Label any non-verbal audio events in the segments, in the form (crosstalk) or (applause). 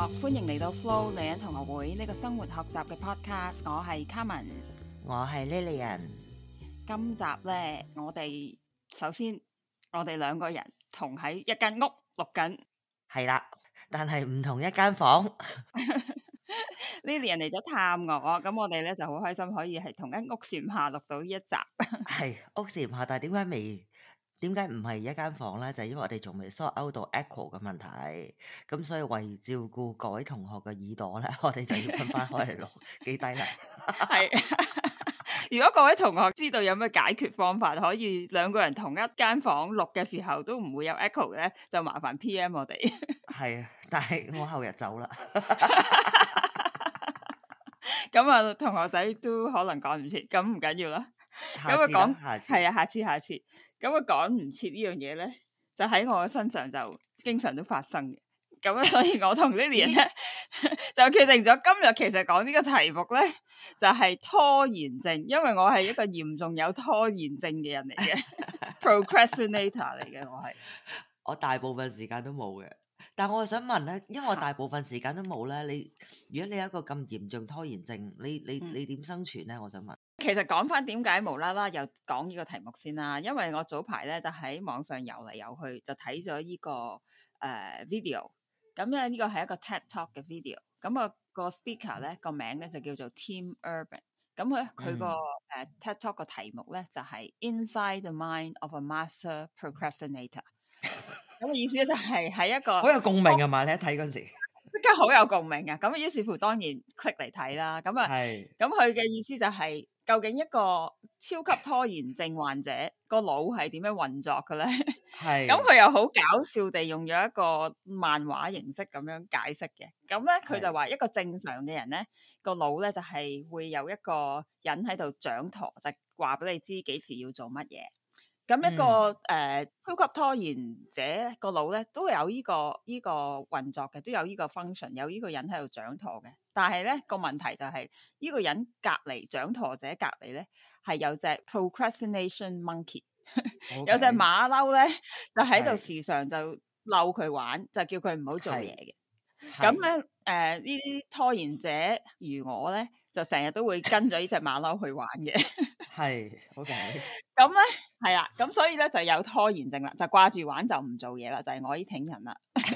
歡迎嚟到 Flo 女人同學會呢個生活學習嘅 podcast，我係 Carmen，我係 Lilian。今集咧，我哋首先我哋兩個人同喺一間屋錄緊，係啦，但係唔同一間房。Lilian 嚟咗探我，咁我哋咧就好開心可以係同一屋檐下錄到呢一集，係屋檐下，但係點解未？點解唔係一間房咧？就係、因為我哋仲未 solve 到 echo 嘅問題，咁所以為照顧各位同學嘅耳朵咧，我哋就要分翻開嚟錄，記 (laughs) 低啦。係 (laughs) (laughs) (laughs) 如果各位同學知道有咩解決方法，可以兩個人同一間房錄嘅時候都唔會有 echo 咧，就麻煩 PM 我哋。係，但係我後日走啦。咁啊，同學仔都可能講唔切，咁唔緊要啦。咁佢講係啊，下次、嗯、下次，咁佢講唔切呢樣嘢咧，就喺我身上就經常都發生嘅。咁所以我同 Lilian 咧就決定咗今日其實講呢個題目咧就係、是、拖延症，因為我係一個嚴重有拖延症嘅人嚟嘅，procrastinator 嚟嘅我係。 (laughs) (laughs) 我大部分時間都冇嘅，但我想問咧，因為我大部分時間都冇咧，你如果你有一個咁嚴重拖延症，你你你點生存咧？我想問。其實講翻點解無啦啦又講呢個題目先啦，因為我早排咧就喺網上游嚟游去，就睇咗、這個呃、呢個誒 video。咁咧呢個係一個 TED Talk 嘅 video。咁，啊個 speaker 咧個名咧就叫做 Tim Urban。咁咧佢個誒 TED Talk 嘅題目咧就係、是、Inside the Mind of a Master Procrastinator。咁嘅 (laughs) 意思就係係一個好有共鳴啊嘛！我你睇嗰陣時即刻好有共鳴啊！咁於是乎當然 click 嚟睇啦。咁啊係。咁佢嘅意思就係、是。究竟一個超級拖延症患者個腦係點樣運作嘅咧？咁佢是 (laughs) 又好搞笑地用咗一個漫畫形式咁樣解釋嘅。咁咧佢就話一個正常嘅人咧個是腦咧就係會有一個人喺度掌舵，就話、是、俾你知幾時要做乜嘢。咁一個誒、嗯呃、超級拖延者個腦咧都有呢、這個依、這個運作嘅，都有呢個 function，有呢個人喺度掌舵嘅。但係咧個問題就係、是、呢、這個人隔籬掌舵者隔籬咧係有隻 procrastination monkey，Okay. (laughs) 有隻馬騮咧就喺度時常就嬲佢玩，是就叫佢唔好做嘢嘅。咁咧誒呢啲、呃、拖延者如我咧，就成日都會跟咗呢隻馬騮去玩嘅。係，OK 咁咧係啊，咁所以咧就有拖延症啦，就掛住玩就唔做嘢啦，就係、是、我呢啲人啦。 (laughs)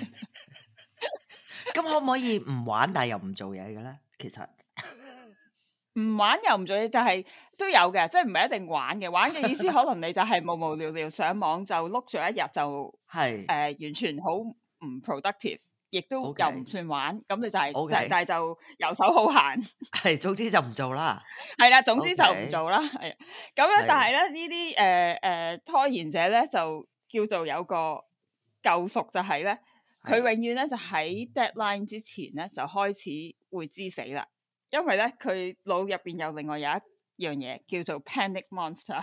咁 (laughs) 可唔可以唔玩，但係又唔做嘢嘅咧？其實唔玩又唔做嘢，就係都有嘅，即係唔係一定玩嘅。玩嘅意思可能你就係無無聊聊上網就碌咗一日，就係誒是、呃，完全好唔 productive，亦都 Okay. 又唔算玩。咁你就係、是、Okay. 但係就遊手好閒。係，總之就唔做啦。係啦， (laughs) 總之就唔做啦。係咁樣，但係咧呢啲誒誒拖延者咧，就叫做有個救贖，就係咧。佢永遠咧就喺 deadline 之前咧就開始會知死啦，因為咧佢腦入邊有另外有一樣嘢叫做 panic monster。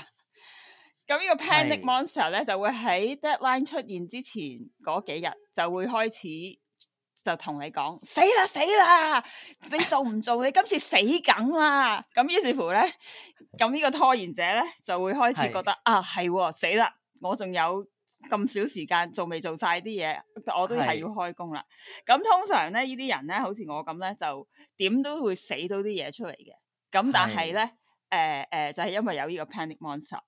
咁 (laughs) 呢個 panic monster 咧就會喺 deadline 出現之前嗰幾日就會開始就同你講死啦死啦，你做唔做？你今次死梗啦！咁 (laughs) 於是乎咧，咁呢個拖延者咧就會開始覺得是啊，係死啦，我仲有。咁少時間，仲未做晒啲嘢，我都係要開工啦。咁是的 通常咧，呢啲人咧，好似我咁咧，就點都會死到啲嘢出嚟嘅。咁但係咧，誒誒是的、呃呃，就係、是、因為有呢個 Panic Monster。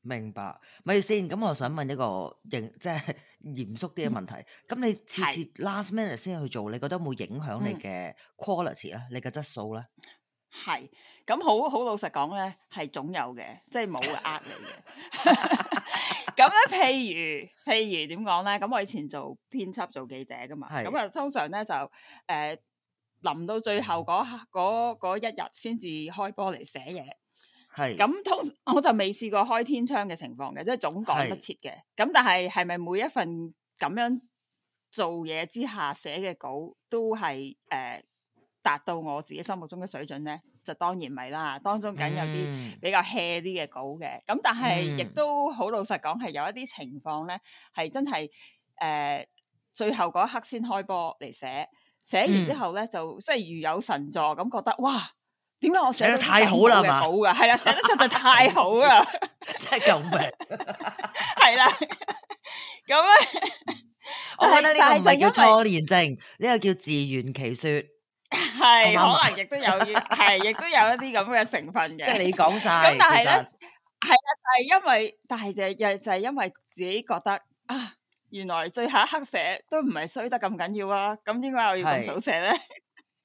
明白，咪先。咁我想問一個認即係嚴肅啲嘅問題。咁、嗯、你次次的 last minute 先去做，你覺得有冇影響你嘅 quality 咧、嗯？你嘅質素咧？係咁，好好老實講咧，係總有嘅，即係冇呃你嘅。咁咧， (laughs) (laughs) 譬如譬如點講咧？咁我以前做編輯做記者噶嘛，咁啊是通常咧就誒臨、呃、到最後嗰、嗯、一日先至開波嚟寫嘢。係咁是通，我就未試過開天窗嘅情況嘅，即係總講得切嘅。咁是但係係咪每一份咁樣做嘢之下寫嘅稿都係誒？呃達到我自己心目中嘅水準咧，就當然唔係啦。當中梗有啲比較 hea 啲嘅稿嘅，咁但係亦都好老實講，係有一啲情況咧，係真係誒，最後嗰一刻先開波嚟寫，寫完之後咧就即係如有神助咁，覺得哇，點解我寫得太好啦嘛？好噶，係啦，寫得實在太好啦，真係救命！係啦，咁咧，我覺得呢個唔係叫拖延症，呢個叫自圓其說。係，是嗯、可能亦都有，係亦 (laughs) 都有一啲咁嘅成分嘅。即係你講晒。咁 (laughs) 但係咧呢，係啊實，但係因為，但係就係、就就係、係因為自己覺得啊，原來最後一刻寫都唔係衰得咁緊要啊，咁點解我要咁早寫咧？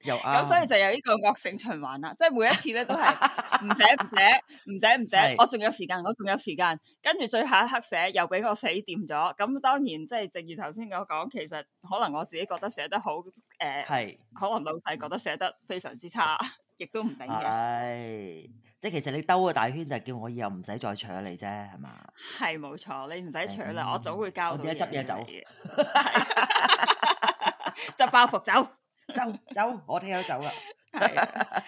咁又所以就有呢個惡性循環啦， (laughs) 即係每一次咧都係唔寫唔寫唔寫唔寫，我仲有時間，我仲有時間，跟住最後一刻寫又俾個死掂咗。咁當然即係正如頭先我講，其實可能我自己覺得寫得好，誒、呃，係是可能老細覺得寫得非常之差，亦都唔頂嘅。係即係其實你兜個大圈就叫我以後唔使再搶你啫，係嘛？係冇錯，你唔使搶啦，的我早會交到。到。而家執嘢走，執包袱走。 (laughs) 走走，我聽咗走啦。 (laughs)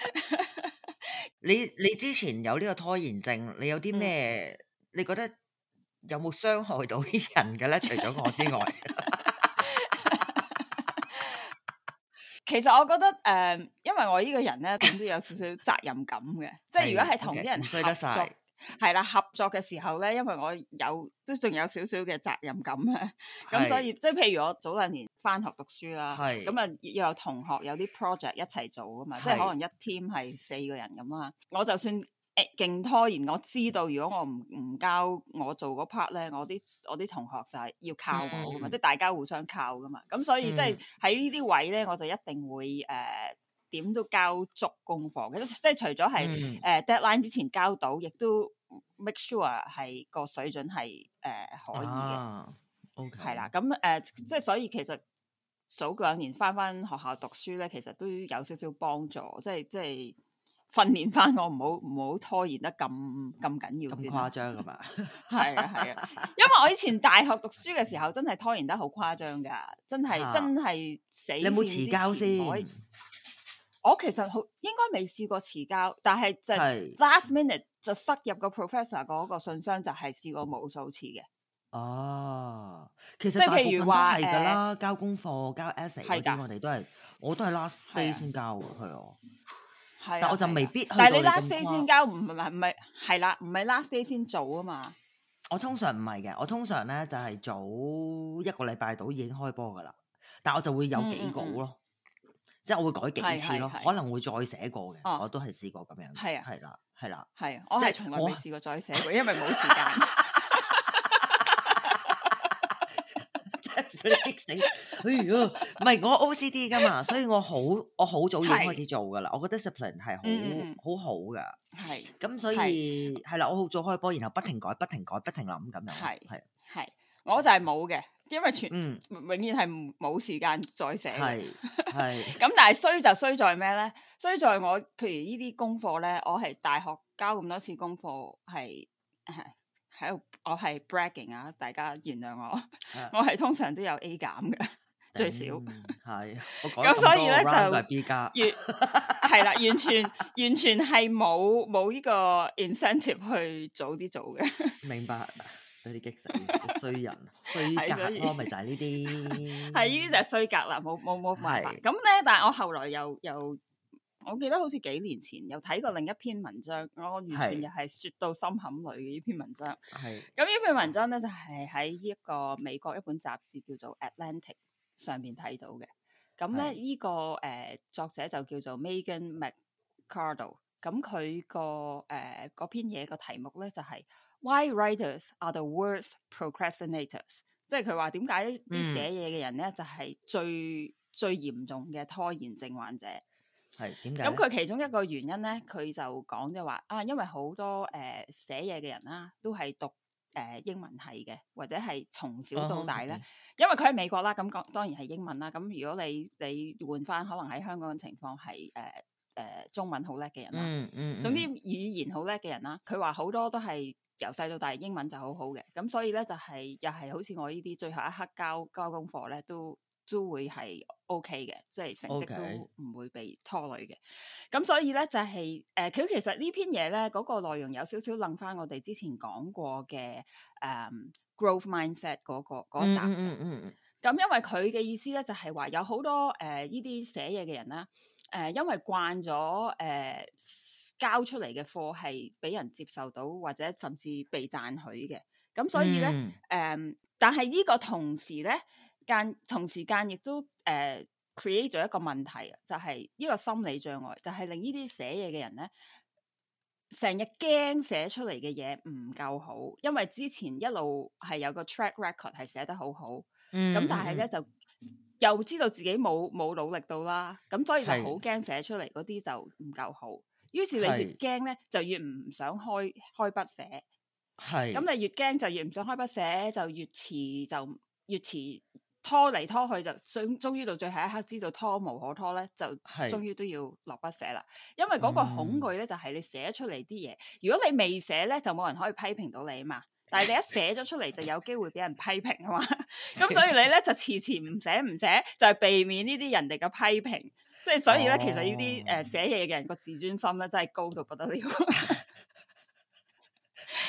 你你之前有呢個拖延症，你有啲咩？嗯、你覺得有冇傷害到啲人嘅咧？除咗我之外， (laughs) (laughs) (laughs) 其實我覺得誒、呃，因為我呢個人咧，點都有少少責任感嘅。 (laughs) 即係如果係同啲人合作得晒。 (laughs) 係啦，合作嘅時候咧，因為我有都仲有少少嘅責任感，咁 (laughs) 所以即係的譬如我早兩年返學讀書啦，咁啊又有同學有啲 project 一齊做噶嘛，的即係可能一 team 係四個人咁啊，我就算誒勁、欸、拖延，我知道如果我唔唔交我做嗰 part 咧，我啲我啲同學就係要靠我噶嘛，即係、嗯、大家互相靠噶嘛，咁所以即係喺呢啲位咧，我就一定會誒。嗯點都交足功課嘅，即係除咗係誒 deadline 之前交到，亦都 make sure 係個水準係誒可以嘅。O K 係啦，咁誒即係所以其實早兩年翻翻學校讀書咧，其實都有少少幫助，即係即係訓練翻我唔好唔好拖延得咁咁緊要先誇張噶嘛？係啊係啊，因為我以前大學讀書嘅時候，真係拖延得好誇張噶，真係真係死。你有冇遲交先？我其實好應該未試過遲交，但係即係 last minute 就塞入個 professor 嗰個信箱就係試過無數次嘅。哦，其實即係譬如話誒，交功課、交 essay 嗰啲，我哋都係，我都係 last day 先交嘅，係我。但我就未必。但係你 last day 先交唔係唔係係啦，唔係 last day 先做啊嘛。我通常唔係嘅，我通常咧就係早一個禮拜度已經開波噶啦，但我就會有幾稿咯。即係我會改幾次咯，可能會再寫過嘅，我都係試過咁樣，係啦，係啦，係，我係從來未試過再寫過，因為冇時間，真係俾你激死，哎呀，如果唔係我 O C D 噶嘛，所以我好我好早已經開始做噶啦，我覺得 discipline 係好好好噶，係，咁所以係啦，我好早開波，然後不停改，不停改，不停諗咁樣，係，係，我就係冇嘅。因為全永遠係冇時間再寫嘅，係咁。但係衰就衰在咩咧？衰在我譬如呢啲功課咧，我係大學交咁多次功課係喺度，我係 bragging 啊，大家原諒我，我係通常都有 A 減嘅，最少係我講，咁所以咧就越係啦，完全完全係冇冇呢個 incentive 去早啲做嘅，明白。俾你激死，衰 (laughs) (laughs) 人衰格咯，咪就係呢啲。係呢啲就係衰格啦，冇冇冇辦法咁咧，但係我後來又又，我記得好似幾年前又睇過另一篇文章，我完全又係說到心坎裏嘅呢篇文章。係是。咁呢篇文章咧就係喺一個美國一本雜誌叫做 At《Atlantic》上邊睇到嘅。咁咧呢個誒、呃、作者就叫做 Megan McCardle，咁佢個誒嗰、呃、篇嘢個、呃、題目咧就係、是。Why writers are the worst procrastinators？即係佢話，點解呢啲寫嘢嘅人咧就係最最嚴重嘅拖延症患者？係點解？咁佢其中一個原因咧，佢就講就話啊，因為好多誒寫嘢嘅人啦，啊，都係讀誒、呃、英文系嘅，或者係從小到大咧，oh, okay. 因為佢喺美國啦，咁講當然係英文啦。咁如果你你換翻可能喺香港嘅情況係誒誒中文好叻嘅人啦，嗯嗯，嗯嗯總之語言好叻嘅人啦，佢話好多都係。由細到大英文就好好嘅，咁所以咧就係、是、又係好似我呢啲最後一刻交交功課咧，都都會係 OK 嘅，即係成績都唔會被拖累嘅。咁 Okay. 所以咧就係誒佢其實篇呢篇嘢咧嗰個內容有少少諗翻我哋之前講過嘅誒 Growth Mindset 嗰個嗰集。嗯嗯嗯。咁因為佢嘅意思咧就係、是、話有好多誒、呃、呢啲寫嘢嘅人啦，誒、呃、因為慣咗誒。呃交出嚟嘅貨係俾人接受到，或者甚至被讚許嘅。咁所以咧，誒、嗯嗯，但係呢個同時咧，間同時間亦都誒、uh, create 咗一個問題，啊，就係、是、呢個心理障礙，就係、是、令呢啲寫嘢嘅人咧，成日驚寫出嚟嘅嘢唔夠好，因為之前一路係有個 track record 係寫得好好，咁、嗯、但係咧就又知道自己冇冇努力到啦，咁所以就好驚寫出嚟啲就唔夠好。於是你越驚咧，是就越唔想開開筆寫。係咁是，你越驚就越唔想開筆寫，就越遲就越遲拖嚟拖去，就終終於到最後一刻知道拖無可拖咧，就終於都要落筆寫啦。因為嗰個恐懼咧，就係、是、你寫出嚟啲嘢。如果你未寫咧，就冇人可以批評到你嘛。但係你一寫咗出嚟，就有機會俾人批評啊嘛。咁 (laughs) 所以你咧就遲遲唔寫唔寫，就係、是、避免呢啲人哋嘅批評。即係所以咧，其實呢啲誒寫嘢嘅人個自尊心咧，真係高到不得了。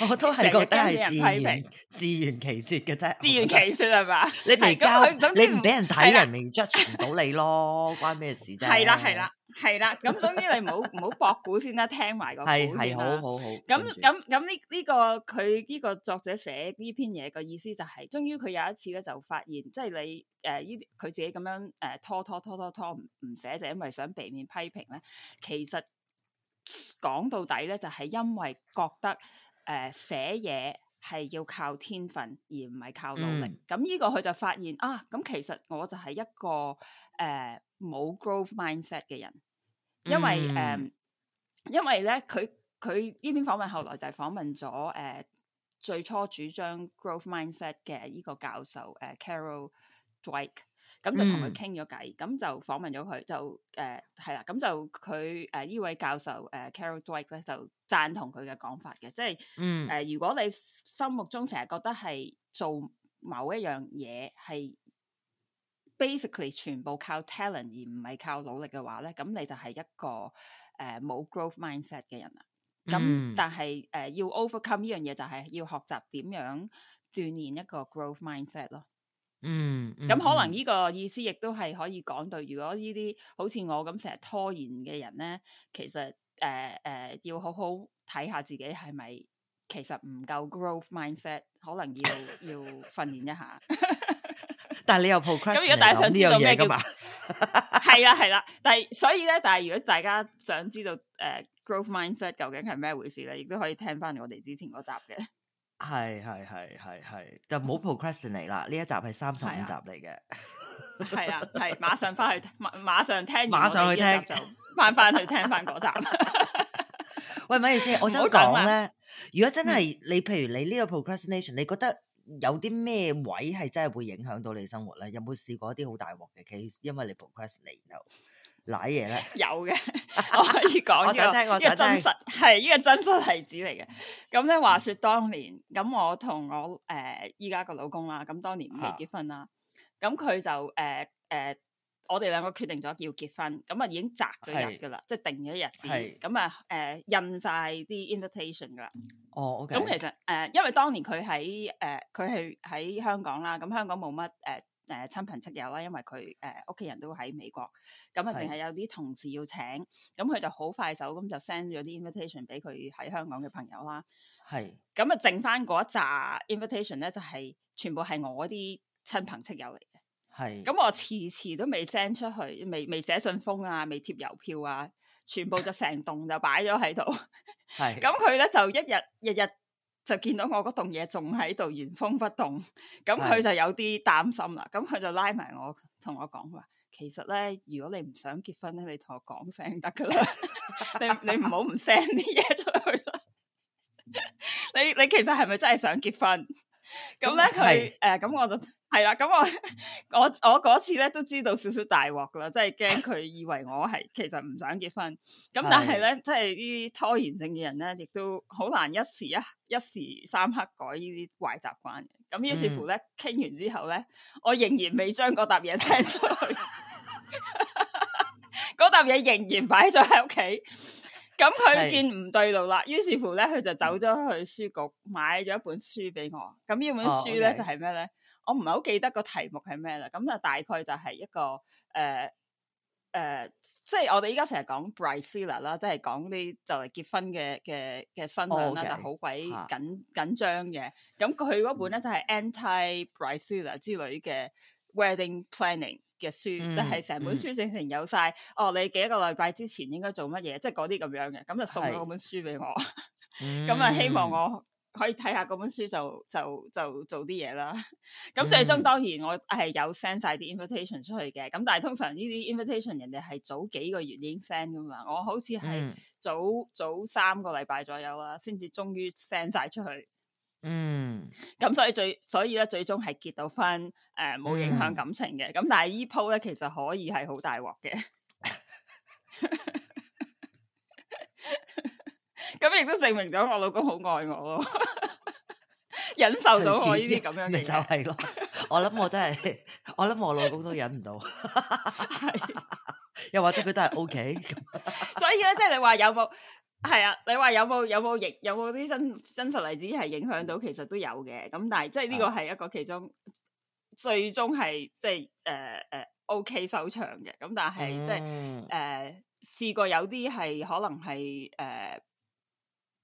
我都係覺得係自圓自圓其説嘅啫，自圓其説係嘛？你未交，你唔俾人睇，的人未 judge 唔到你咯，關咩事啫，啊？係啦，係啦。係啦，咁總之你唔好唔好博古先啦， (laughs) 聽埋個古啦。係係好好好。咁咁咁呢呢個佢呢、呢個作者寫呢篇嘢個意思就係、係，終於佢有一次咧就發現，即、就、係、係、你誒呢佢自己咁樣誒、呃、拖拖拖拖拖唔唔寫，就因為想避免批評咧。其實講到底咧，就係、係、因為覺得誒、呃、寫嘢係要靠天分而唔係靠努力。咁呢、嗯、個佢就發現啊，咁其實我就係一個誒。呃呃冇 growth mindset 嘅人，因為誒，嗯、因為咧佢佢呢篇訪問後來就係訪問咗誒、呃、最初主張 growth mindset 嘅呢個教授誒、呃、Carol Dweck 咁就同佢傾咗偈，咁就訪問咗佢就誒係啦，咁、呃、就佢誒呢位教授誒、呃、Carol Dweck 咧就贊同佢嘅講法嘅，即係誒、嗯呃、如果你心目中成日覺得係做某一樣嘢係。Basically, 全部靠 talent 而唔係靠努力嘅話咧，咁你就係一個誒冇、呃、growth mindset 嘅人啦。咁、mm hmm. 但係誒、呃、要 overcome 呢樣嘢就係要學習點樣鍛煉一個 growth mindset 咯。嗯、mm，咁、hmm. 可能呢個意思亦都係可以講到，如果呢啲好似我咁成日拖延嘅人咧，其實誒誒、呃呃、要好好睇下自己係咪其實唔夠 growth mindset，可能要要訓練一下。 (laughs) 但係你又 procrastinate，咁如果大家想知道咩嘅嘛？係啊，係啦、啊，但係所以咧，但係如果大家想知道誒、呃、growth mindset 究竟係咩回事咧，亦都可以聽翻我哋之前嗰集嘅。係係係係係，就冇 procrastination 來啦，呢一集係三十五集嚟嘅。係啊，係、啊、馬上翻去馬，馬上聽，馬上去聽，就翻翻去聽翻嗰集。 (laughs) (laughs) 喂，唔好意思，我想講咧，如果真係你，譬如你呢個 procrastination，你覺得？有啲咩位係真係會影響到你生活咧？有冇試過一啲好大鑊嘅 case？因為你 procrastinate 嚟到，瀨嘢咧，有嘅，我可以講呢、這個，呢 (laughs) 個真實係呢、這個真實例子嚟嘅。咁咧，話說當年，咁我同我誒依家個老公啦，咁當年未結婚啦，咁佢是就誒誒。呃呃我哋兩個決定咗要結婚，咁啊已經擇咗日噶啦，是即係定咗日子，咁啊誒印晒啲 invitation 噶啦。哦，OK，咁其實誒、呃，因為當年佢喺誒，佢係喺香港啦，咁香港冇乜誒誒親朋戚友啦，因為佢誒屋企人都喺美國，咁啊淨係有啲同事要請，咁佢是就好快手咁就 send 咗啲 invitation 俾佢喺香港嘅朋友啦。係是，咁啊剩翻嗰扎 invitation 咧，就係、是、全部係我啲親朋戚友嚟。係，咁我次次都未 send 出去，未未寫信封啊，未貼郵票啊，全部就成棟就擺咗喺度。係 (laughs) 咁佢咧就一日日日就見到我嗰棟嘢，仲喺度原封不動，咁 (laughs) 佢就有啲擔心啦。咁佢 (laughs) 就拉埋我同我講話，其實咧如果你唔想結婚咧，你同我講聲得㗎啦，你你唔好唔 send 啲嘢出去啦。你你其實係咪真係想結婚？咁咧佢誒，咁、 (laughs) (laughs) (laughs) 呃、我就。 (laughs) 係啦，咁我我我嗰次咧都知道少少大鑊啦，真係驚佢以為我係 (laughs) 其實唔想結婚。咁但係咧，即係呢啲拖延症嘅人咧，亦都好難一時一一時三刻改呢啲壞習慣嘅。咁於是乎咧，傾完之後咧，我仍然未將嗰沓嘢寄出去，嗰沓嘢仍然擺咗喺屋企。咁佢見唔對路啦，於是乎咧，佢就走咗去書局買咗一本書俾我。咁呢本書咧就係咩咧？ (music) 我唔係好記得個題目係咩啦，咁啊大概就係一個誒誒、呃呃，即係我哋依家成日講 bridezilla 啦，即係講啲就嚟結婚嘅嘅嘅新娘啦，Okay. 就好鬼緊緊張嘅。咁佢嗰本咧、嗯、就係 anti bridezilla 之類嘅 wedding planning 嘅書，即係成本書整成有晒、嗯、哦，你幾個禮拜之前應該做乜嘢，即係嗰啲咁樣嘅。咁就送咗嗰本書俾我，咁啊是、嗯、 (laughs) 希望我。可以睇下嗰本書就就就，就做啲嘢啦。咁 (laughs) 最終當然我係有 send 晒啲 invitation 出去嘅。咁但係通常呢啲 invitation 人哋係早幾個月已經 send 㗎嘛。我好似係早、嗯、早三個禮拜左右啦，先至終於 send 晒出去。嗯。咁所以最所以咧最終係結到婚，誒、呃、冇影響感情嘅。咁、嗯、但係依鋪咧其實可以係好大鑊嘅。 (laughs) 咁亦都證明咗我老公好愛我咯， (laughs) 忍受到我呢啲咁樣嘅就係咯。我諗我真係，我諗我老公都忍唔到。 (laughs) 是 (laughs) 又或者佢都係 O K。所以咧，即係你話有冇係啊？你話有冇有冇影有冇啲真真實例子係影響到？其實都有嘅。咁但係即係呢個係一個其中最終係即係誒誒 O K 收場嘅。咁但係即係誒試過有啲係可能係誒。呃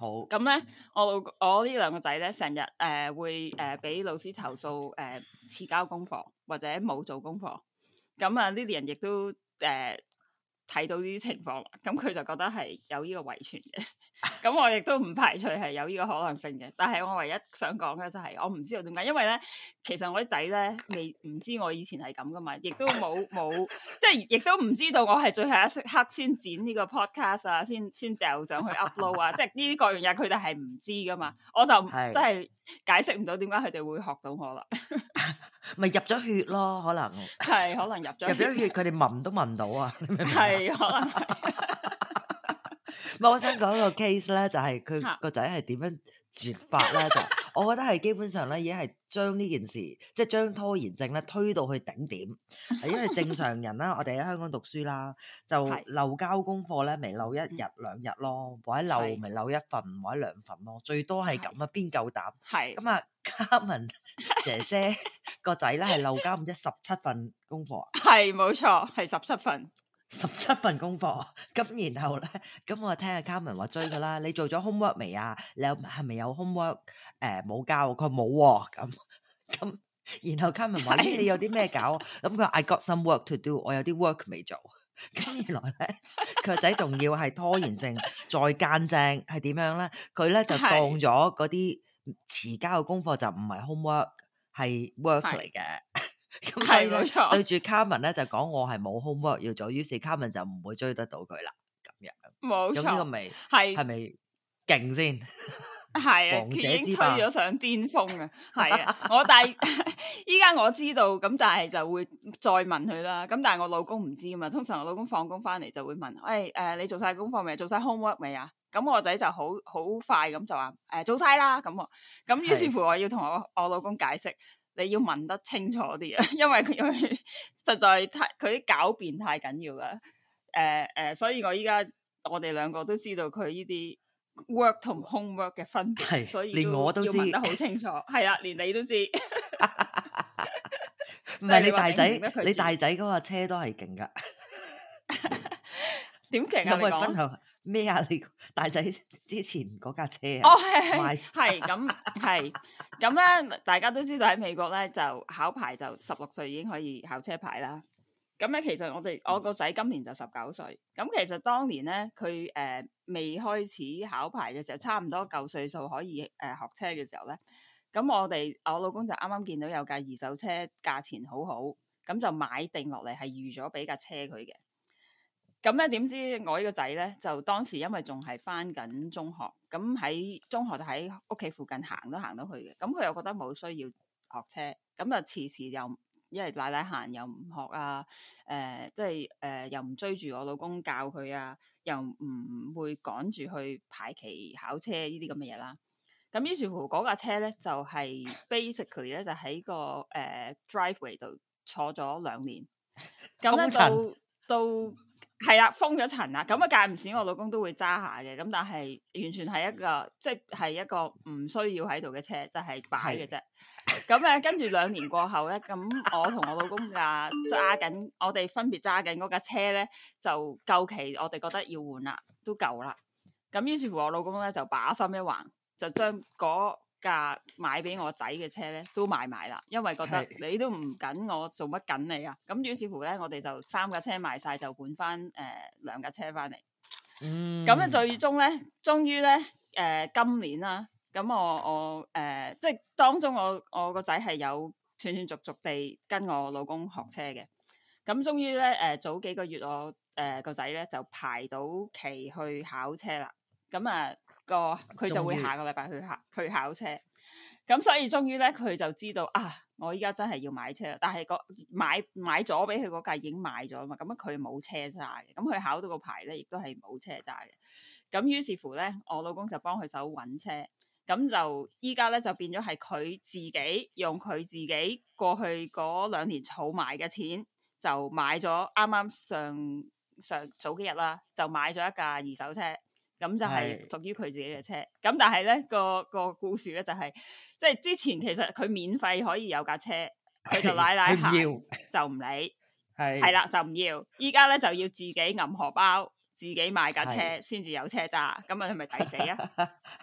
好，咁咧，我我呢兩個仔咧，成日誒會誒俾、呃、老師投訴誒遲交功課或者冇做功課，咁啊 Lilian 亦都誒睇、呃、到呢啲情況，咁佢就覺得係有呢個遺傳嘅。咁 (laughs) 我亦都唔排除係有呢個可能性嘅，但係我唯一想講嘅就係我唔知道點解，因為咧，其實我啲仔咧未，唔知我以前係咁噶嘛，亦都冇冇，即係亦都唔知道我係最後一刻先剪呢個 podcast 啊，先先掉上去 upload 啊， (laughs) 即係呢啲各樣嘢佢哋係唔知噶嘛，我就真係解釋唔到點解佢哋會學到我啦，咪 (laughs) (laughs) 入咗血咯，可能係 (laughs) 可能入咗入咗血，佢哋聞都聞到啊，係可能唔好，我先講個 case 咧，就係佢個仔係點樣絕法咧？就我覺得係基本上咧，已經係將呢件事即係將拖延症咧推到去頂點。係因為正常人啦，我哋喺香港讀書啦，就漏交功課咧，咪漏一日兩日咯，或者漏咪漏一份或者兩份咯，最多係咁啊，邊夠膽？係咁啊，Carmen 姐姐個仔咧係漏交唔知十七份功課，係冇錯，係十七份。十七份功課，咁然後咧，咁我聽阿 Carmen 話追佢啦。你做咗 homework 未啊？你有係咪有 homework？誒冇交，佢冇喎。咁咁，然後 Carmen 話：咦，你有啲咩搞？咁佢話：I got some work to do，我有啲 work 未做。咁原來咧，佢個仔仲要係拖延症，再間正係點樣咧？佢咧就放咗嗰啲遲交嘅功課就唔係 homework，係 work 嚟嘅。咁所以咧，對住 Carmen 咧就講我係冇 homework 要做，於是 Carmen 就唔會追得到佢啦。咁樣，冇錯錯，咁是呢個咪係係咪勁先？係啊，佢已經推咗上巔峰啊！係 (laughs) 啊，我但係依家，我知道，咁但係就會再問佢啦。咁但係我老公唔知嘛，通常我老公放工翻嚟，就會問：喂，誒、呃，你做晒功課未？做晒 homework 未啊？咁我仔就好好快咁就話：誒、呃，做晒啦。咁，咁於是乎我要同我我老公解釋。你要問得清楚啲啊，因為佢實在狡辯太佢狡辯太緊要啦。誒、呃、誒、呃，所以我依家我哋兩個都知道佢呢啲 work 同 homework 嘅分別，是所以都連我都知要問得好清楚。係啦， (laughs) 連你都知。唔 (laughs) 係你大仔， (laughs) 你，你，你大仔嗰個車都係勁噶。點勁 (laughs) 啊？你講咩啊？你大仔之前嗰架車哦，係係係咁係。 (laughs) (laughs) 咁咧，大家都知道喺美國咧就考牌就十六歲已經可以考車牌啦。咁咧，其實我哋我個仔今年就十九歲。咁其實當年咧，佢誒、呃、未開始考牌嘅時候，差唔多夠歲數可以誒、呃、學車嘅時候咧，咁我哋我老公就啱啱見到有架二手車，價錢好好，咁就買定落嚟，係預咗俾架車佢嘅。咁咧，點、嗯、知我個呢個仔咧，就當時因為仲係返緊中學，咁喺中學就喺屋企附近行都行到去嘅。咁佢又覺得冇需要學車，咁啊，次次又因為奶奶行又唔學啊，誒、呃，即係誒，又唔追住我老公教佢啊，又唔會趕住去排期考車呢啲咁嘅嘢啦。咁於是乎，嗰架車咧就係、是、basically 咧就喺、是、個誒、呃、driveway 度坐咗兩年。咁咧就到。到係啦，封咗層啦，咁啊間唔少我老公都會揸下嘅，咁但係完全係一個即係、就是、一個唔需要喺度嘅車，就係擺嘅啫。咁咧 (laughs) 跟住兩年過後咧，咁我同我老公啊揸緊， (laughs) 我哋分別揸緊嗰架車咧，就夠期我哋覺得要換啦，都夠啦。咁於是乎我老公咧就把心一橫，就將嗰、那個。架買俾我仔嘅車咧，都賣埋啦，因為覺得你都唔緊我做乜緊你啊？咁於是乎咧，我哋就三架車賣晒就換翻，誒兩架車翻嚟。嗯。咁咧最終咧，終於咧誒、呃、今年啦，咁我我誒、呃、即係當中我我個仔係有斷斷續續地跟我老公學車嘅。咁終於咧誒、呃、早幾個月我誒、呃、個仔咧就排到期去考車啦。咁、嗯、啊。呃個佢就會下個禮拜去考去考車，咁所以終於咧佢就知道啊，我依家真係要買車啦。但係個買買咗俾佢嗰架已經賣咗啊嘛，咁佢冇車揸嘅，咁佢考到個牌咧亦都係冇車揸嘅。咁於是乎咧，我老公就幫佢手搵車，咁就依家咧就變咗係佢自己用佢自己過去嗰兩年儲埋嘅錢，就買咗啱啱上上早幾日啦，就買咗一架二手車。咁就係屬於佢自己嘅車，咁 eines 但係咧，個、個故事咧就係，即係之前其實佢免費可以有架車，佢的就奶奶要，就唔理係係啦，就唔要。依家咧就要自己揞荷包，自己買架車先至有車揸，咁啊係咪抵死啊？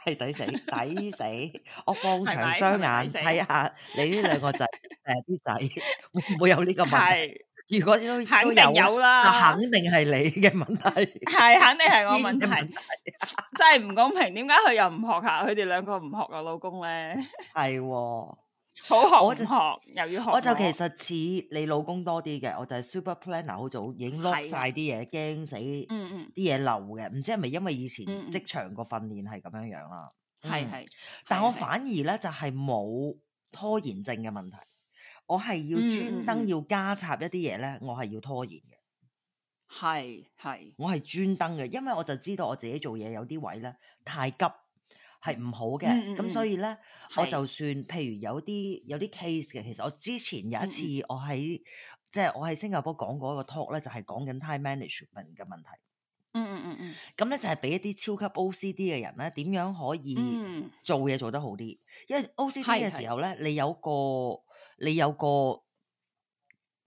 係抵死，抵死！ (laughs) 我放長雙眼睇下你呢兩個仔誒啲仔會唔會有呢個問題？如果肯定有啦，肯定係你嘅問題，係肯定係我問題，真係唔公平。點解佢又唔學下？佢哋兩個唔學我老公咧，係好學唔學又要學？我就其實似你老公多啲嘅，我就係 super planner 好早已經 lock 晒啲嘢，驚死，嗯嗯，啲嘢漏嘅，唔知係咪因為以前職場個訓練係咁樣樣啦，係係，但我反而咧就係冇拖延症嘅問題。我係要專登要加插一啲嘢咧，我係要拖延嘅，係係，我係專登嘅，因為我就知道我自己做嘢有啲位啦，太急係唔好嘅，咁、嗯嗯嗯、所以咧，是我就算譬如有啲有啲 case 嘅，其實我之前有一次我喺即係我喺新加坡講嗰個 talk 咧，就係講緊 time management 嘅問題，嗯嗯嗯嗯，咁、嗯、咧、嗯、就係俾一啲超級 O C D 嘅人咧，點樣可以做嘢做得好啲，因為 O C D 嘅時候咧、嗯嗯嗯，你有個。你有個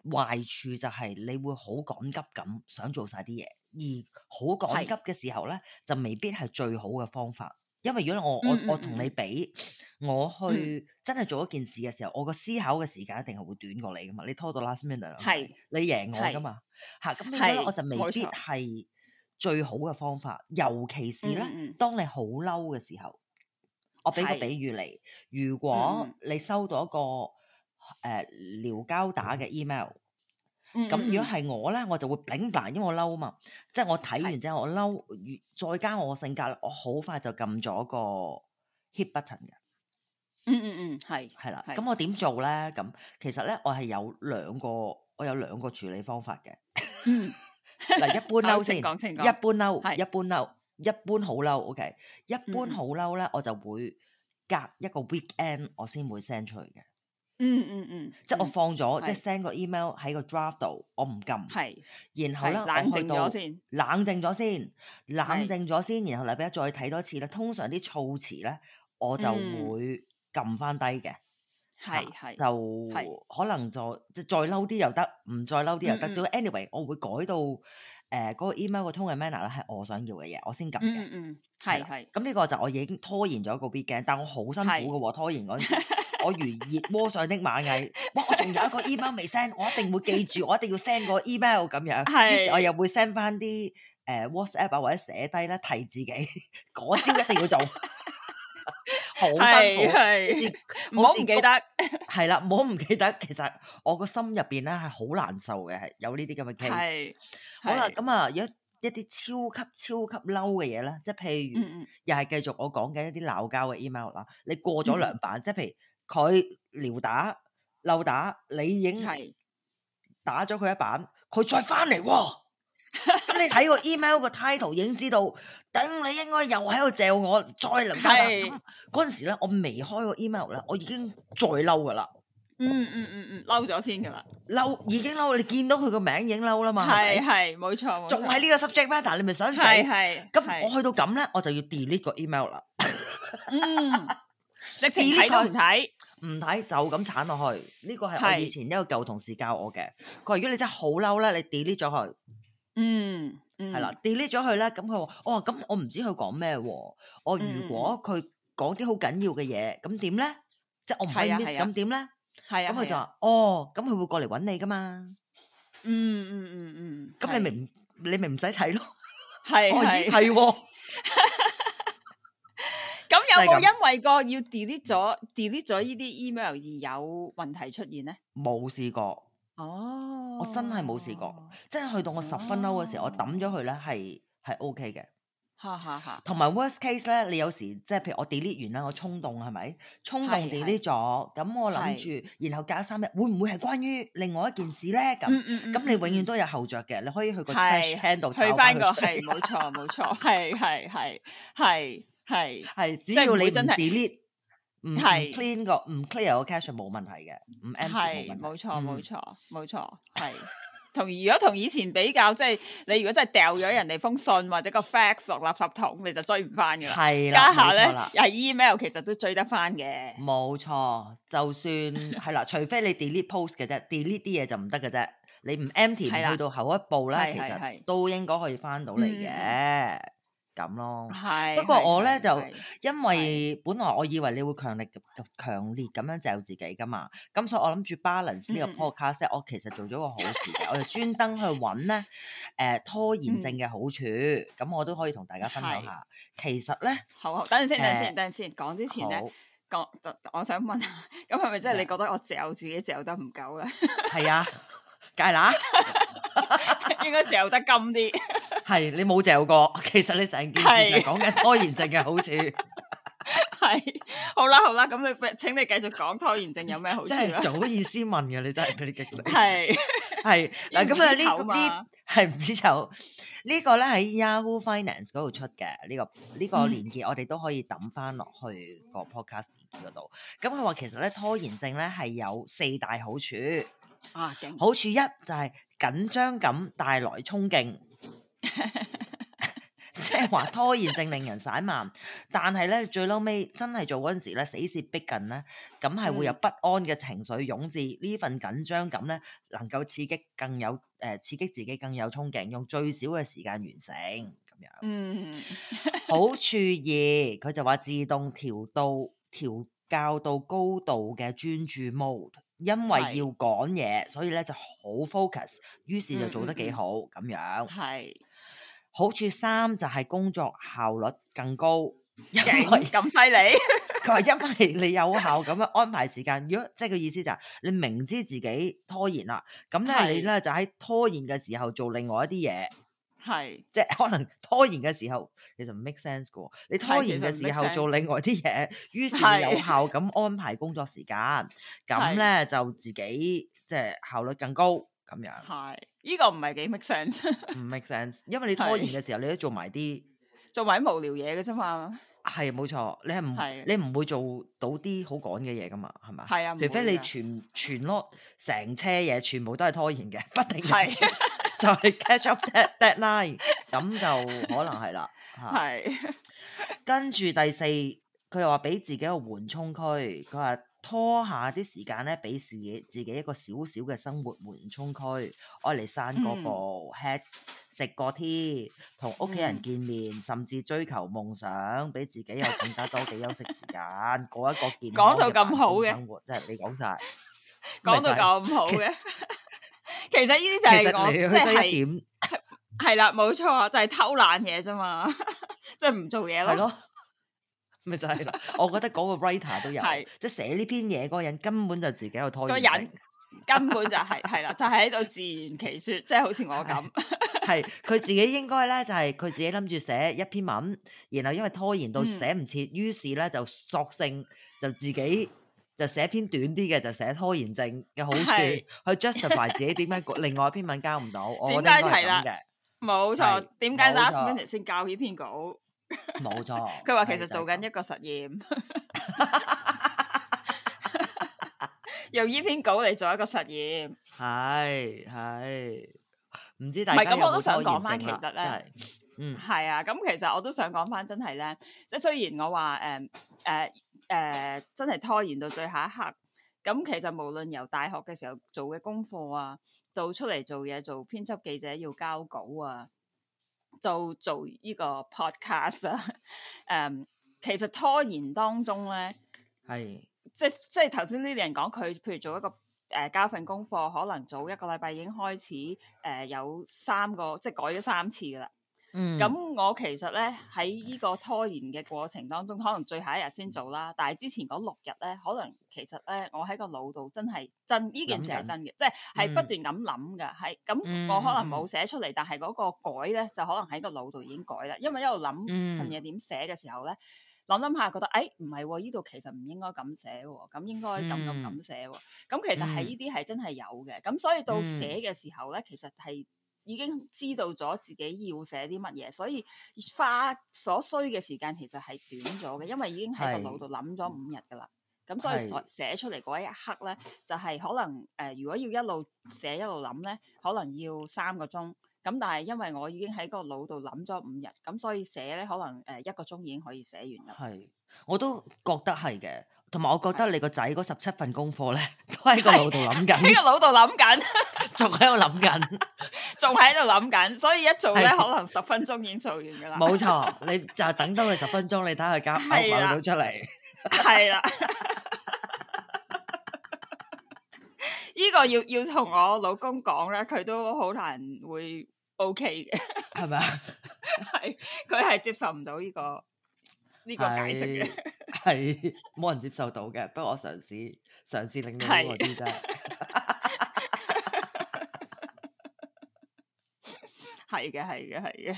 壞處就係你會好趕急咁想做曬啲嘢，而好趕急嘅時候咧，是就未必係最好嘅方法。因為如果我我我同你比，嗯嗯嗯我去真係做一件事嘅時候，我個思考嘅時間一定係會短過你噶嘛。你拖到 last minute，係是你贏我噶嘛？吓咁是，嗯嗯，所以所以我就未必係最好嘅方法，尤其是咧，嗯嗯，當你好嬲嘅時候，我俾個比喻你：如果你收到一個。嗯嗯嗯嗯嗯嗯誒，撩交打嘅 email，咁如果係我咧，我就會炳爆，因為我嬲啊嘛。即係我睇完之後我嬲，再加我性格，我好快就撳咗個 hit button 嘅。嗯嗯嗯，係係啦，咁我點做咧？咁其實咧，我係有兩個，我有兩個處理方法嘅。嗱，一般嬲先講清楚，一般嬲，一般嬲，一般好嬲。OK，一般好嬲咧，我就會隔一個 weekend，我先會 send 出去嘅。嗯嗯嗯，即係我放咗，即係 send 個 email 喺個 draft 度，我唔撳。係，然後咧冷靜咗先，冷靜咗先，冷靜咗先，然後禮拜一再睇多次咧。通常啲措辭咧，我就會撳翻低嘅。係係，就可能再即再嬲啲又得，唔再嬲啲又得。總之 anyway，我會改到誒嗰個 email 個 tone 嘅 manner 咧係我想要嘅嘢，我先撳嘅。嗯係係。咁呢個就我已經拖延咗個 begin，但我好辛苦噶，拖延嗰我如熱窩上的螞蟻，我我仲有一個 email 未 send，我一定會記住，我一定要 send 個 email 咁樣，係，我又會 send 翻啲誒 WhatsApp 啊，或者寫低咧提自己，嗰招一定要做，好辛苦，唔好唔記得，係啦，唔好唔記得，其實我個心入邊咧係好難受嘅，係有呢啲咁嘅 case。好啦，咁啊，有一啲超級超級嬲嘅嘢咧，即係譬如，又係繼續我講緊一啲鬧交嘅 email 啦，你過咗兩版，即係譬如。佢撩打、嬲打，你已經打咗佢一板，佢再翻嚟，咁你睇個 email 個 title 已經知道，頂你應該又喺度嚼我，再嬲。咁嗰陣時咧，我未開個 email 咧，我已經再嬲噶啦，嗯嗯嗯嗯，嬲咗先噶啦，嬲已經嬲，你見到佢個名已經嬲啦嘛，係係冇錯，仲喺呢個 subject matter，你咪想死，咁我去到咁咧，我就要 delete 個 email 啦，嗯，直接睇都唔睇。唔睇就咁鏟落去，呢個係我以前一個舊同事教我嘅。佢話，是如果你真係好嬲咧，你 delete 咗佢。嗯，係啦，delete 咗佢咧，咁佢話，哦，咁我唔知佢講咩喎。我、嗯哦嗯嗯嗯、如果佢講啲好緊要嘅嘢，咁點咧？即、就、係、是、我唔睇咁點咧？係咁佢就話，哦，咁佢會過嚟揾你噶嘛？嗯嗯嗯嗯，咁你咪唔你咪唔使睇咯。係 (laughs) 的，我依排我。嗯嗯 (laughs) 有冇因為個要 delete 咗 delete 咗呢啲 email 而有問題出現咧？冇試過哦，我真係冇試過。即係去到我十分嬲嘅時候，我抌咗佢咧，係係 OK 嘅。吓吓吓。同埋 worst case 咧，你有時即係譬如我 delete 完啦，我衝動係咪？衝動 delete 咗，咁我諗住，然後隔咗三日，會唔會係關於另外一件事咧？咁咁你永遠都有後着嘅，你可以去個 hand 度推翻個，係冇錯冇錯，係係係係。係係，只要你真唔 delete，唔 clean 個唔 clear 個 cache 冇問題嘅，唔 empty 冇問題冇錯冇錯冇錯，係同如果同以前比較，即係你如果真係掉咗人哋封信或者個 fax 落垃圾桶，你就追唔翻嘅啦。係啦，家下咧，又係 email 其實都追得翻嘅。冇錯，就算係啦，除非你 delete post 嘅啫，delete 啲嘢就唔得嘅啫。你唔 empty 去到後一步咧，其實都應該可以翻到嚟嘅。咁咯，係。不過我咧的就因為的本來我以為你會強力、強烈咁樣嚼自己噶嘛，咁所以我諗住 balance 呢個 podcast，、嗯、我其實做咗個好事， (laughs) 我就專登去揾咧誒拖延症嘅好處，咁、嗯、我都可以同大家分享下。的其實咧，好等陣先，等陣先，等陣先。講之前咧，講好我想問下，咁係咪真係你覺得我嚼自己嚼得唔夠咧？係 (laughs) 啊，梗係啦， (laughs) (laughs) 應該嚼得咁啲。係你冇嚼過，其實你成件事講緊拖延症嘅好處。係 (laughs) (laughs) 好啦好啦，咁你請你繼續講拖延症有咩好處啦？早意思問嘅你真係俾你激死。係係嗱，咁啊呢呢係唔知就呢個咧喺 Yahoo Finance 嗰度出嘅呢個呢個連結，我哋都可以抌翻落去個 Podcast 嗰度。咁佢話其實咧拖延症咧係有四大好處啊！ (laughs) (laughs) 嗯嗯嗯嗯、好處一就係、是、緊張感帶來衝勁。即係話拖延症令人怠慢，但係咧最撈尾真係做嗰陣時咧死線逼近咧，咁係會有不安嘅情緒湧至，份緊張呢份緊張感咧能夠刺激更有誒、呃、刺激自己更有衝勁，用最少嘅時間完成咁樣。嗯， (laughs) 好處二佢就話自動調到調校到高度嘅專注 mode，因為要講嘢，所以咧就好 focus，於是就做得幾好咁樣。係。 (laughs) 好處三就係工作效率更高，因為咁犀利。佢話 (laughs) 因為你有效咁樣安排時間，如果即係個意思就係、是、你明知自己拖延啦，咁咧你咧是就喺拖延嘅時候做另外一啲嘢，係即係可能拖延嘅時候其實唔 make sense 嘅，你拖延嘅時候做另外啲嘢，於是有效咁安排工作時間，咁咧是就自己即係、就是、效率更高。咁樣，係呢個唔係幾 make sense，唔 make sense，因為你拖延嘅時候，你都做埋啲做埋啲無聊嘢嘅啫嘛，係冇錯，你係唔你唔會做到啲好趕嘅嘢噶嘛，係咪？係啊，除非你全全攞成車嘢，全部都係拖延嘅，不停係就係 catch up deadline，咁就可能係啦，係，跟住第四，佢又話俾自己一個緩衝區，佢話。拖下啲時間咧，俾自己自己一個小小嘅生活緩衝區，愛嚟散個步，吃，食個添，同屋企人見面，甚至追求夢想，俾自己有更加多嘅休息時間，過一個健講到咁好嘅生活，真係你講晒，講到咁好嘅。其實呢啲就係我即係，係啦，冇錯就係偷懶嘢啫嘛，即係唔做嘢咯。咪就係啦，我覺得嗰個 writer 都有，即係寫呢篇嘢嗰個人根本就自己有拖延症，根本就係係啦，就係喺度自圓其說，即係好似我咁。係佢自己應該咧，就係佢自己諗住寫一篇文，然後因為拖延到寫唔切，於是咧就索性就自己就寫篇短啲嘅，就寫拖延症嘅好處去 justify 自己點解另外一篇文交唔到。我覺得係啦，冇錯，點解 last minute 先交起篇稿？冇錯，佢話其實做緊一個實驗，用呢篇稿嚟做一個實驗，係係，唔知大家有冇拖延症啊？咁我都想講翻，其實咧，嗯，係啊，咁其實我都想講翻，真係咧，即係雖然我話誒誒誒，真係拖延到最後一刻，咁其實無論由大學嘅時候做嘅功課啊，到出嚟做嘢做編輯記者要交稿啊。就做呢個 podcast，誒，um，其實拖延當中，咧，係的即係即係頭先呢啲人講佢，譬如做一個誒交份功課，可能早一個禮拜已經開始，誒、呃、有三個即係改咗三次噶啦。嗯，咁我其實咧喺呢個拖延嘅過程當中，可能最後一日先做啦。但係之前嗰六日咧，可能其實咧，我喺個腦度真係真呢件事係真嘅，着即係係不斷咁諗㗎。係咁、嗯，我可能冇寫出嚟，但係嗰個改咧就可能喺個腦度已經改啦。因為一路諗份嘢點寫嘅時候咧，諗諗下覺得誒唔係喎，依、哎、度、哦、其實唔應該咁寫喎，咁、嗯嗯、應該咁咁咁寫喎。咁、嗯嗯、其實係呢啲係真係有嘅。咁所以到寫嘅時候咧，其實係。已經知道咗自己要寫啲乜嘢，所以花所需嘅時間其實係短咗嘅，因為已經喺個腦度諗咗五日噶啦。咁是所以寫出嚟嗰一刻咧，就係、是、可能誒、呃，如果要一路寫一路諗咧，可能要三個鐘。咁但係因為我已經喺個腦度諗咗五日，咁所以寫咧可能誒一個鐘已經可以寫完啦。係，我都覺得係嘅，同埋我覺得你個仔嗰十七份功課咧，都喺個腦度諗緊，喺個是 (laughs) 腦度諗緊。仲喺度諗緊，仲喺度諗緊，所以一做咧是的 可能十分鐘已經做完噶啦。冇錯，你就等多佢十分鐘，你打佢交，我望到出嚟。係啦，呢個要要同我老公講咧，佢都好難會 OK 嘅，係咪啊？係，佢係接受唔到呢個呢個解釋嘅 (laughs) 係冇人接受到嘅。不過我嘗試嘗試令你我啲啫。的 (laughs) (laughs) 係嘅，係嘅，係嘅，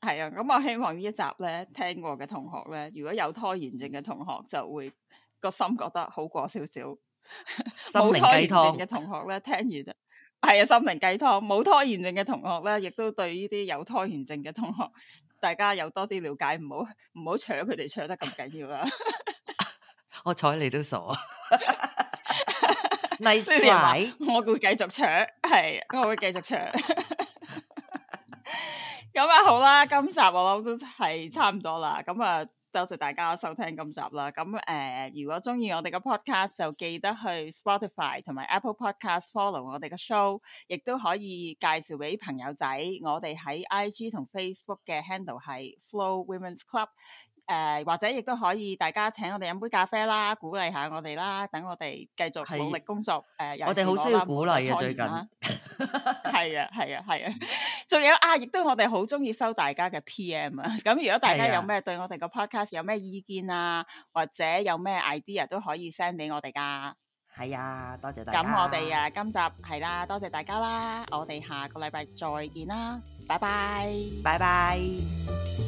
係啊！咁 (laughs) 我希望呢一集咧，聽過嘅同學咧，如果有拖延症嘅同學就會個心覺得好過少少。心靈雞湯。冇拖延症嘅同學咧，聽完係啊，心靈雞湯。冇拖延症嘅同學咧，亦都對呢啲有拖延症嘅同學，大家有多啲了解，唔好唔好搶佢哋搶得咁緊要啊。 (laughs) (laughs) 我睬你都傻。啊。 (laughs) 李小姐，我會繼續搶，係我會繼續搶。咁啊好啦，今集我諗都係差唔多啦。咁啊，多謝大家收聽今集啦。咁誒、呃，如果中意我哋嘅 podcast，就記得去 Spotify 同埋 Apple Podcast follow 我哋嘅 show，亦都可以介紹俾朋友仔。我哋喺 IG 同 Facebook 嘅 handle 係 Flow Women’s Club。誒，或者亦都可以大家請我哋飲杯咖啡啦，鼓勵下我哋啦，等我哋繼續努力工作。誒，我哋好需要鼓勵嘅最近。係啊，係啊，係啊，仲有啊，亦都我哋好中意收大家嘅 PM 啊。咁如果大家有咩對我哋個 podcast 有咩意見啊，或者有咩 idea 都可以 send 俾我哋噶。係啊，多謝大家。咁我哋啊，今集係啦，多謝大家啦，我哋下個禮拜再見啦，拜拜，拜拜。